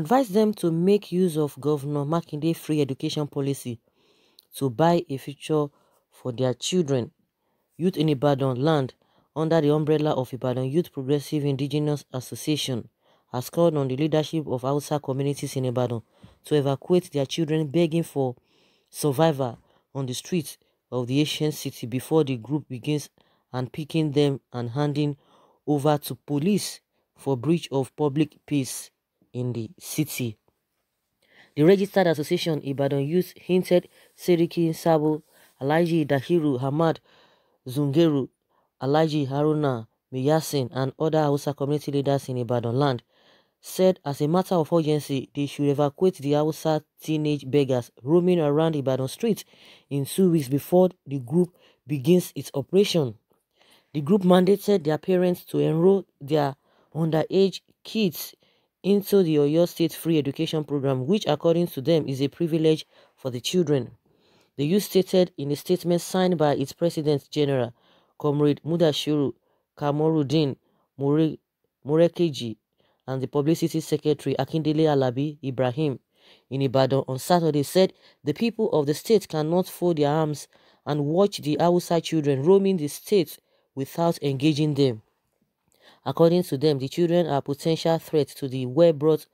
Advise them to make use of Governor Makinde's free education policy to buy a future for their children. Youth in Ibadan land under the umbrella of Ibadan Youth Progressive Indigenous Association has called on the leadership of Hausa communities in Ibadan to evacuate their children begging for survival on the streets of the ancient city before the group begins unpicking them and handing over to police for breach of public peace in the city. The registered association Ibadan Youth hinted Seriki Sabo, Alaji Dahiru Hamad Zungeru, Alaji Haruna Miyasin, and other Hausa community leaders in Ibadan land said as a matter of urgency they should evacuate the Hausa teenage beggars roaming around Ibadan streets in two weeks before the group begins its operation. The group mandated their parents to enroll their underage kids into the Oyo State Free Education Program, which according to them is a privilege for the children. The youth stated in a statement signed by its President General, Comrade Mudashiru Kamorudin Mure, Murekeji, and the Publicity Secretary Akindele Alabi Ibrahim in Ibadan on Saturday said the people of the state cannot fold their arms and watch the outside children roaming the state without engaging them. According to them, the children are potential threats to the well brought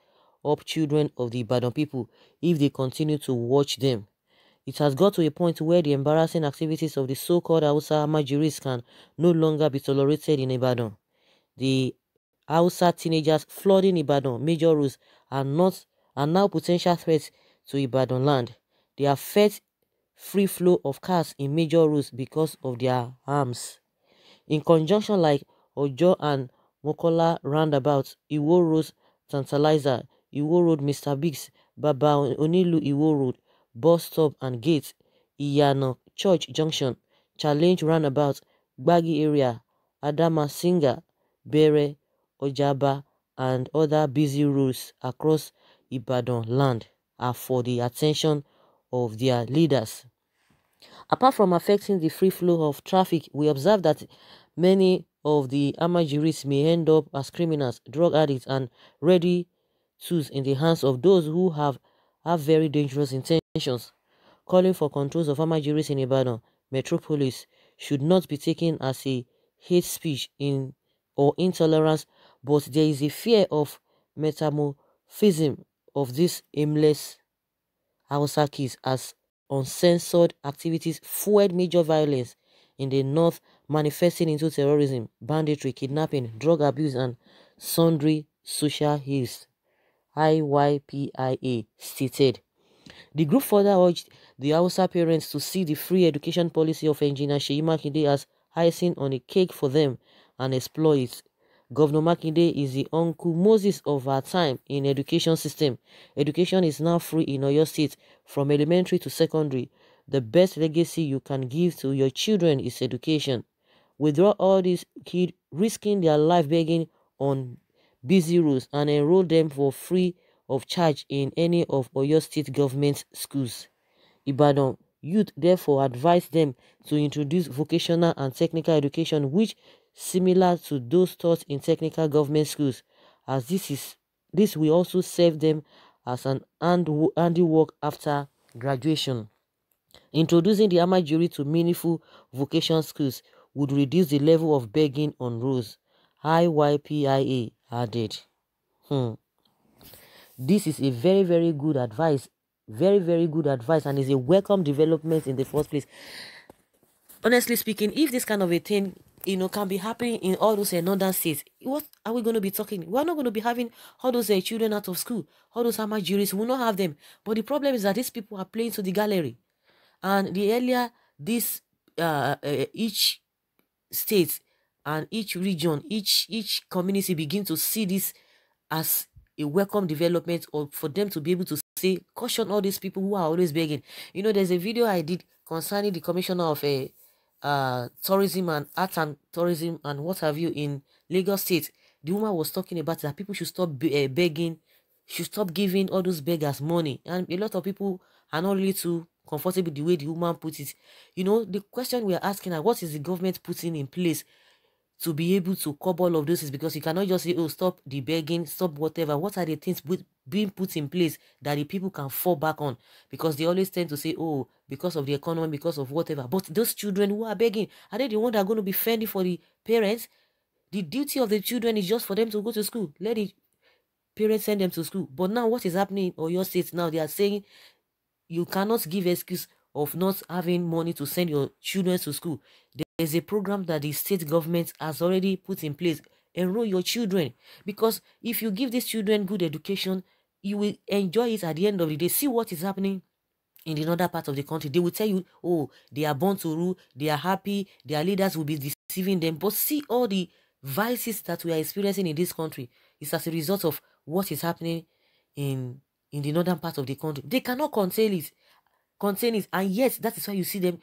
up children of the Ibadan people if they continue to watch them. It has got to a point where the embarrassing activities of the so-called Hausa majoris can no longer be tolerated in Ibadan. The Hausa teenagers flooding Ibadan major roads are not are now potential threats to Ibadan land. They affect free flow of cars in major roads because of their arms. In conjunction like Ojo and Mokola Roundabout, Iwo Road Tantalizer, Iwo Road Mr. Biggs, Baba Onilu Iwo Road, Bus Stop and Gate, Iyano Church Junction, Challenge Roundabout, Bagi Area, Adama Singa, Bere, Ojaba, and other busy roads across Ibadan land are for the attention of their leaders. Apart from affecting the free flow of traffic, we observe that many of the amajiris may end up as criminals, drug addicts, and ready tools in the hands of those who have, have very dangerous intentions. Calling for controls of amajiris in Ibadan metropolis should not be taken as a hate speech in or intolerance, but there is a fear of metamorphism of these aimless Hausakis as uncensored activities fueled major violence in the north manifesting into terrorism, banditry, kidnapping, drug abuse, and sundry social ills. IYPIA stated. The group further urged the Hausa parents to see the free education policy of engineer Sheyi Makinde as icing on a cake for them and exploit it. Governor Makinde is the Uncle Moses of our time in education system. Education is now free in Oyo State from elementary to secondary the best legacy you can give to your children is education. Withdraw all these kids risking their life begging on busy roads and enroll them for free of charge in any of Oyo state government schools. Ibadan youth therefore advise them to introduce vocational and technical education which similar to those taught in technical government schools as this is this will also serve them as an handiwork after graduation. Introducing the Ama jury to meaningful vocational skills would reduce the level of begging on roads, IYPIA added. Hmm. This is a very, very good advice. Very, very good advice and is a welcome development in the first place. Honestly speaking, if this kind of a thing you know can be happening in all those Northern states what are we going to be talking we're not going to be having all those uh, children out of school all those amateur juries will not have them but the problem is that these people are playing to the gallery and the earlier this uh, uh, each state and each region, each each community begin to see this as a welcome development or for them to be able to say caution all these people who are always begging you know there's a video i did concerning the commissioner of a eh, uh, tourism and art and tourism and what have you in lagos state the woman was talking about that people should stop be uh, begging should stop giving all those beggars money and a lot of people are not really too comfortable the way the woman put it. You know, the question we are asking are what is the government putting in place to be able to curb all of this is because you cannot just say, oh, stop the begging, stop whatever. What are the things being put in place that the people can fall back on? Because they always tend to say, oh, because of the economy, because of whatever. But those children who are begging, are they the ones that are going to be fending for the parents? The duty of the children is just for them to go to school. Let the parents send them to school. But now what is happening in your State now? They are saying you cannot give excuse of not having money to send your children to school. There's a program that the state government has already put in place. Enroll your children. Because if you give these children good education, you will enjoy it at the end of the day. See what is happening in another part of the country. They will tell you, oh, they are born to rule, they are happy, their leaders will be deceiving them. But see all the vices that we are experiencing in this country. It's as a result of what is happening in in the northern part of the country. They cannot contain it, contain it, and yet that is why you see them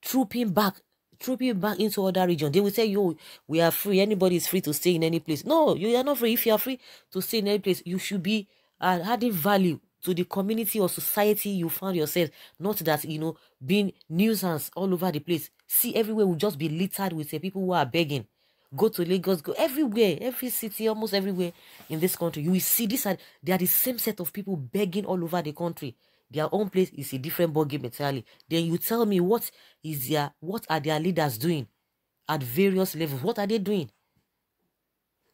trooping back, trooping back into other regions. They will say, "Yo, we are free. Anybody is free to stay in any place." No, you are not free. If you are free to stay in any place, you should be uh, adding value to the community or society you found yourself. Not that you know being nuisance all over the place. See, everywhere will just be littered with the people who are begging go to Lagos, go everywhere, every city, almost everywhere in this country. You will see this are they are the same set of people begging all over the country. Their own place is a different ballgame entirely. Then you tell me what is their what are their leaders doing at various levels? What are they doing?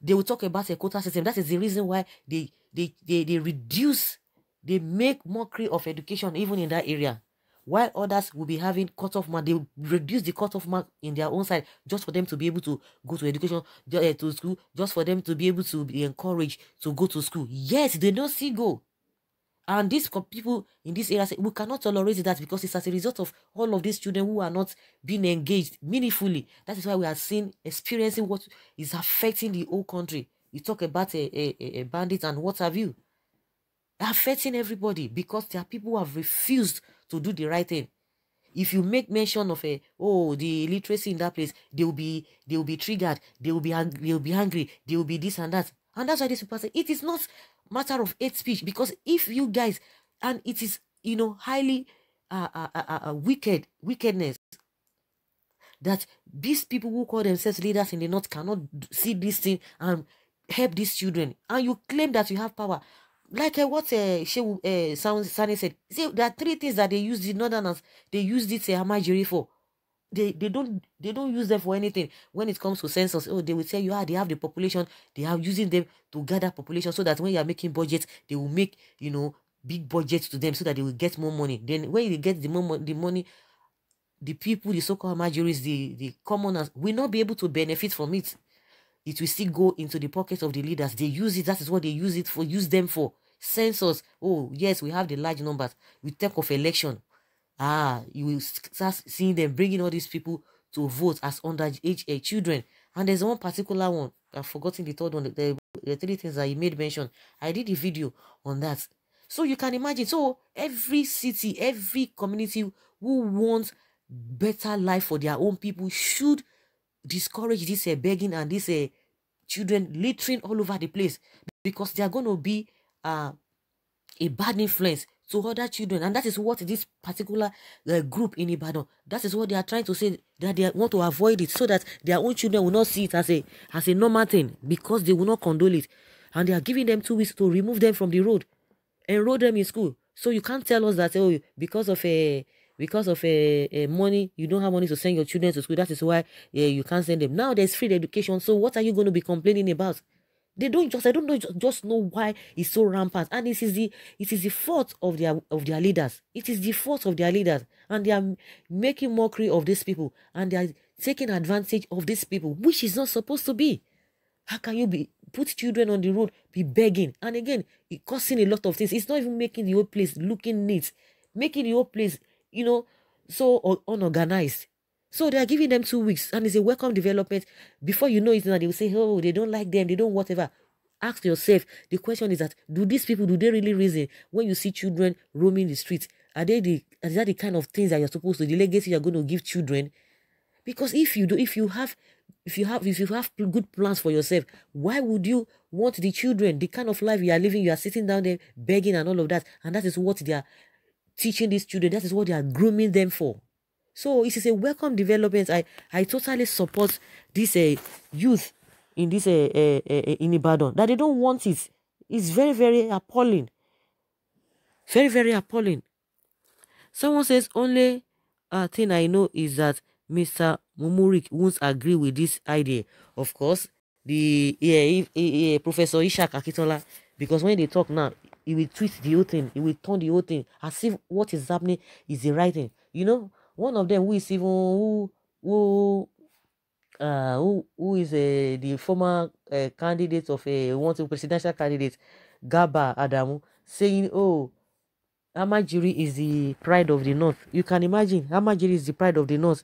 They will talk about a quota system. That is the reason why they they they, they reduce, they make mockery of education even in that area while others will be having cutoff mark. They reduce the cutoff mark in their own side just for them to be able to go to education, eh, to school, just for them to be able to be encouraged to go to school. Yes, they don't see go. And these people in this area say, we cannot tolerate that because it's as a result of all of these children who are not being engaged meaningfully. That is why we are seeing, experiencing what is affecting the whole country. You talk about a, eh, a, eh, a bandit and what have you. Affecting everybody because there are people who have refused to do the right thing if you make mention of a eh, oh the literacy in that place they will be they will be triggered they will be they will be angry they will be this and that and that's why this people say it is not matter of hate speech because if you guys and it is you know highly uh, uh, uh, uh, uh wicked wickedness that these people who call themselves leaders in the north cannot see this thing and help these children and you claim that you have power like uh, what uh, Shehu eh, uh, Sani said, see, there are three things that they use the northerners, they use this uh, Amajiri for. They, they don't they don't use them for anything when it comes to census oh they will tell you ah they have the population they are using them to gather population so that when you are making budgets they will make you know big budgets to them so that they will get more money then when you get the more the money the people the so-called majorities the the commoners will not be able to benefit from it it will still go into the pockets of the leaders. They use it. That is what they use it for. Use them for census. Oh, yes, we have the large numbers. We talk of election. Ah, you will start seeing them bringing all these people to vote as underage eh, children. And there's one particular one. I've forgotten the third one. The, the three things that he made mention. I did a video on that. So you can imagine. So every city, every community who wants better life for their own people should discourage this uh, begging and this uh, children littering all over the place because they are going to be uh, a bad influence to other children. And that is what this particular uh, group in Ibadan, that is what they are trying to say, that they want to avoid it so that their own children will not see it as a, as a normal thing because they will not condole it. And they are giving them two weeks to remove them from the road, enroll them in school. So you can't tell us that, oh, because of a... Uh, because of uh, money you don't have money to send your children to school that is why eh, you can't send them now there's free education so what are you going to be complaining about they don't just i don't know just know why it's so rampant and it is the it is the fault of their of their leaders it is the fault of their leaders and they are making mockery of these people and they are taking advantage of these people which is not supposed to be how can you be put children on the road be begging and again it causing a lot of things it's not even making the whole place looking neat making the whole place you know, so unorganized. So they are giving them two weeks and it's a welcome development. Before you know it, they will say, oh, they don't like them, they don't whatever. Ask yourself, the question is that, do these people, do they really reason when you see children roaming the streets? Are they the, is that the kind of things that you're supposed to, the legacy you're going to give children? Because if you do, if you have, if you have, if you have good plans for yourself, why would you want the children, the kind of life you are living, you are sitting down there begging and all of that, and that is what they are, teaching these children. That is what they are grooming them for. So it is a welcome development. I, I totally support this uh, youth in this uh, uh, uh, in Ibadan that they don't want it. It's very, very appalling. Very, very appalling. Someone says only uh, thing I know is that Mr. Mumurik won't agree with this idea. Of course, the yeah, if, if, if Professor Ishak Akitola, because when they talk now, he will twist the whole thing, he will turn the whole thing as if what is happening is the right thing. You know, one of them who is even who who uh who who is uh, the former uh, candidate of a uh, wanted presidential candidate, Gaba Adamu, saying, "Oh, Amajiri is the pride of the north." You can imagine, Amajiri is the pride of the north.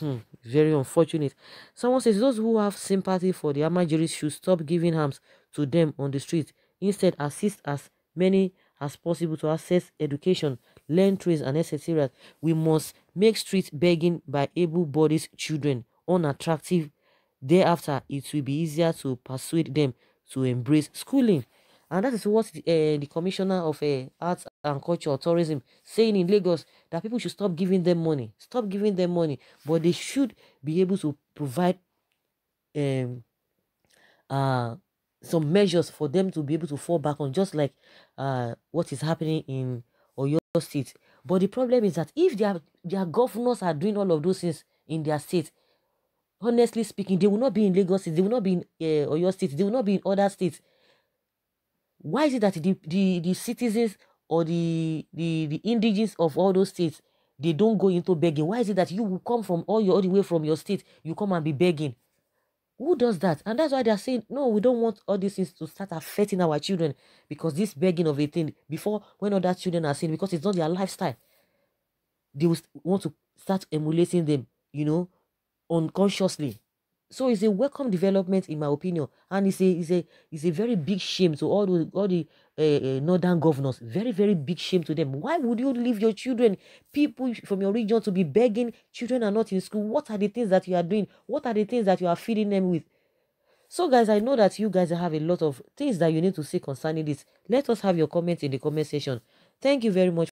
Hmm, very unfortunate. Someone says those who have sympathy for the Amajiris should stop giving arms to them on the street instead assist as many as possible to access education, learn trades and etc. We must make street begging by able-bodied children unattractive. Thereafter, it will be easier to persuade them to embrace schooling. And that is what the, uh, the Commissioner of uh, Arts and Culture Tourism saying in Lagos, that people should stop giving them money. Stop giving them money. But they should be able to provide um, uh, some measures for them to be able to fall back on, just like uh, what is happening in Oyo State. But the problem is that if their, their governors are doing all of those things in their state, honestly speaking, they will not be in Lagos State, they will not be in uh, Oyo State, they will not be in other states. Why is it that the, the, the citizens or the, the, the indigenes of all those states, they don't go into begging? Why is it that you will come from all your, all the way from your state, you come and be begging? Who does that? And that's why they are saying, no, we don't want all these things to start affecting our children because this begging of a thing before when other children are seen, because it's not their lifestyle, they will want to start emulating them, you know, unconsciously. So it's a welcome development, in my opinion, and it's a it's a it's a very big shame to all the all the uh, northern governors. Very very big shame to them. Why would you leave your children, people from your region, to be begging? Children are not in school. What are the things that you are doing? What are the things that you are feeding them with? So, guys, I know that you guys have a lot of things that you need to say concerning this. Let us have your comments in the comment section. Thank you very much.